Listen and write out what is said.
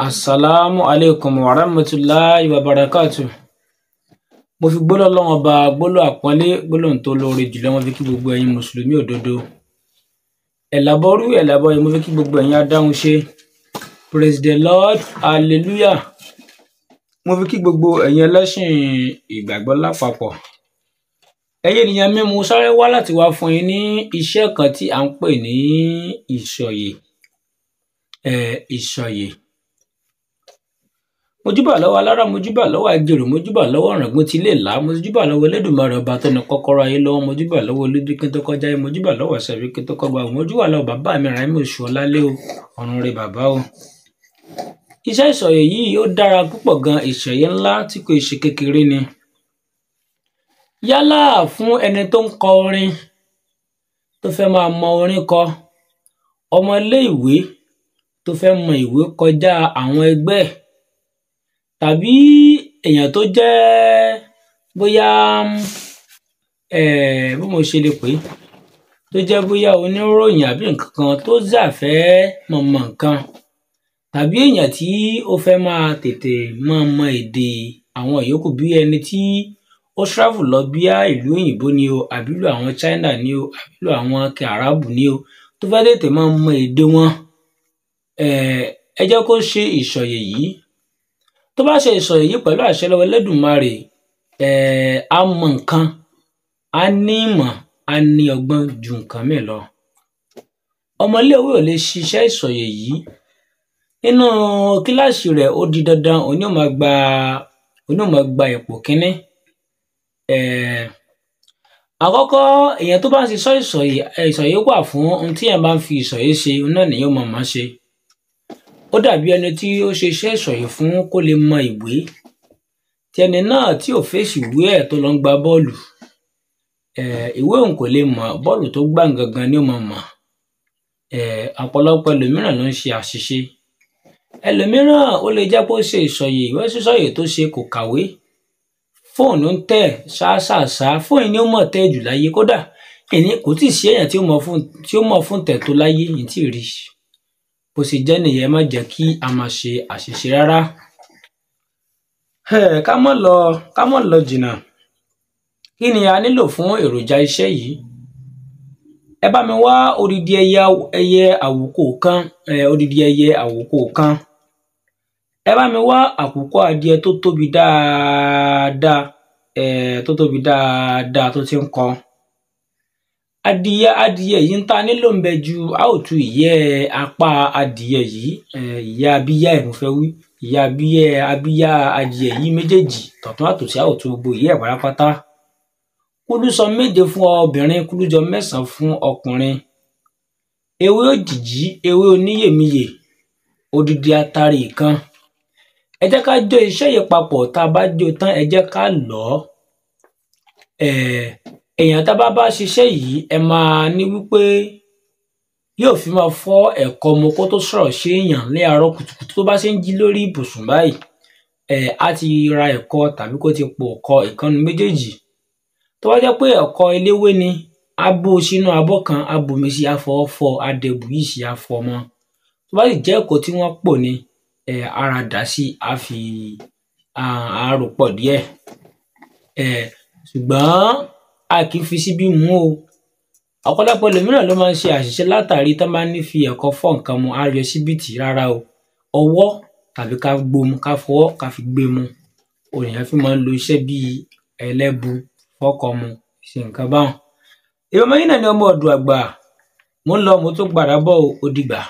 asalaamu aleykum wa rahmatulahi wa barakatu mo fi gbólọ lọ́wọ́ ba gbólọ àpọ́nlé gbólóhùn tó lóore jùlọ mo fi kí gbogbo ẹ̀yin mùsùlùmí òdodo ẹ̀làbọ́rú ẹ̀làbọ́yé mo fi kí gbogbo ẹ̀yin adáhùn ṣe praise lord hallelujah mo fi kí gbogbo ẹ̀yin ẹlẹ́sìn ìgbàgbọ́ lápapọ̀ ẹ̀yin ènìyàn mi mo sáré wá láti wá fún yín ní iṣẹ́ kan tí à ń pè ní ìsọ̀yè ẹ̀ ìsọ̀yè mojúbà lọ́wọ́ alára mojúbà lọ́wọ́ àjèrò mojúbà lọ́wọ́ ọ̀ràngún ti ilé ìlà mojúbà lọ́wọ́ elédùnmarè ọba tó ní kọ́kọ́rọ́ ayé lọ́wọ́ mojúbà lọ́wọ́ olódì kí n tó kọjá yín mojúbà lọ́wọ́ ṣẹ̀fí kí n tó kọgbà mojúbà lọ́wọ́ bàbá mi ràn mí oṣù ọ̀làlẹ́ o ọ̀run rẹ bàbá o. iṣẹ́ ìsọ̀yẹ̀ yìí ó dára púpọ̀ gan ìṣẹ̀yẹ ńlá tí kò ṣe kékeré ni. yálà fún ẹni tó ń kọ orin tó fẹ́ máa mọ orin kọ ọmọ ilé ìwé tàbí èèyàn tó jẹ́ bóyá eh, bí mo ṣe lè pè é tó jẹ́ bóyá oníròyìn àbí nǹkan kan tó zà fẹ́ mọ̀mọ̀ nǹkan tàbí èèyàn tí ó fẹ́ máa tètè máa mọ èdè àwọn yòókù bí ẹni tí ó travel lọ bíá ìlú òyìnbó ni o àbí ìlú àwọn China ni o àbí ìlú àwọn Arabu ni o tó fẹ́ tètè máa mọ èdè wọn eh, ẹ jẹ́ kó ṣe ìsọ̀yè yìí tó bá ṣe ìsọ̀rọ̀ yìí pẹ̀lú àṣẹ lọ́wọ́ Ẹlẹ́dùmarè a mọ nǹkan a ní ìmọ̀ a ní ọgbọ́n ju nǹkan mìíràn lọ ọmọlé owó ò lè ṣiṣẹ́ ìsọ̀yẹ̀ yìí nínú kíláàsì rẹ̀ ó di dandan òní ò máa gba òní ò máa ipò kínní àkọ́kọ́ èèyàn tó bá ń ṣe ìsọ̀yẹ̀ wà fún ohun tí èèyàn bá ń fi ìsọ̀yẹ̀ ṣe náà nìyẹn ò máa máa ṣe ó dàbí ẹni tí ó ṣe iṣẹ́ ìsọ̀yìn fún kó lè mọ ìwé tí ẹni náà tí ò fèsì ìwé ẹ̀ tó lọ ń gba bọ́ọ̀lù ìwé òun kò lè mọ̀ bọ́ọ̀lù tó gbà gangan ni ó mọ̀ mọ̀ ọ̀pọ̀lọpọ̀ ẹlòmíràn ló ń ṣe àṣìṣe ẹlòmíràn ó lè jẹ́ pé ó ṣe ìsọ̀yìn ìwé sísọ̀yìn tó ṣe kò kàwé fóònù ń tẹ̀ ṣáṣáṣá fóònù ni ó mọ̀ tẹ̀ jù láyé kódà kò tí ì sí èèyàn tí ó mọ̀ fún tẹ̀ tó láyé yìí rí i bó ṣe jẹ́ nìyẹn má jẹ́ kí a máa ṣe àṣìṣe rárá ká mọ̀ lọ ká mọ̀ lọ jìnnà kí ni a nílò fún èròjà iṣẹ́ yìí ẹ bá mi wá odidi ẹyẹ ẹyẹ àwòkọ kan odidi ẹyẹ àwòkọ kan ẹ bá mi wá àkùkọ adìẹ tó tóbi dáadáa tó tóbi dáadáa tó ti ń kọ adìyẹ adìyẹ yìí ń ta nílò ń bẹ ju àòtú ìyẹ́ apá adìyẹ yìí ìyá abíyá ẹ̀ mo fẹ́ wí ìyá abíyá abíyá adìyẹ yìí méjèèjì tọ̀tún àtòsí àòtú gbogbo ìyẹ́ ẹ̀ pátápátá kúlú sọ méje fún obìnrin kúlú jọ mẹ́sàn-án fún ọkùnrin ewé òjìjí ewé oníyèmíyè odidi atari kan ẹ jẹ́ ká jó iṣẹ́ yìí papọ̀ tá a bá jó tán ẹ jẹ́ ká lọ̀ ọ́ èèyàn tá a bá bá ṣiṣẹ́ yìí ẹ máa ní wípé yóò fi máa fọ́ ẹ̀kọ́ ọmọ kó tó sọ̀rọ̀ ṣe èèyàn ní àárọ̀ kùtùkùtù tó bá ṣe ń jí lórí ibùsùn báyìí ẹ̀ á ti ra ẹ̀kọ́ tàbí kó ti pò ọ̀kọ́ ìkànnì méjèèjì tó bá jẹ́ pé ẹ̀kọ́ eléwé ni á bó sínú abọ́ kan á bomi sí afọwọ́ fọ adẹ̀bù yìí sí afọ mọ́ tó bá sì jẹ́ ẹ̀kọ́ tí wọ́n pò ni ẹ̀ ara dà sí á fi pọ̀ díẹ̀ ẹ̀ ṣùgbọ́n a kì í fi síbí mú o ọ̀pọ̀lọpọ̀ ẹlòmíràn ló máa ń ṣe àṣìṣe látàrí tó máa ń fi ẹ̀kọ́ fọ́ nǹkan mu á yọ síbí tì rárá o ọwọ́ tàbí ká gbómu ká fọwọ́ ká fi gbé mu òyìnbó fi máa ń lo iṣẹ́ bíi ẹlẹ́bu fọ́kọ̀ mu ṣe nǹkan báwọn. èèyàn mọ́yìn náà ni ọmọ ọ̀dùn àgbà mo ń lọ mo tún padà bọ̀ ó dìgbà.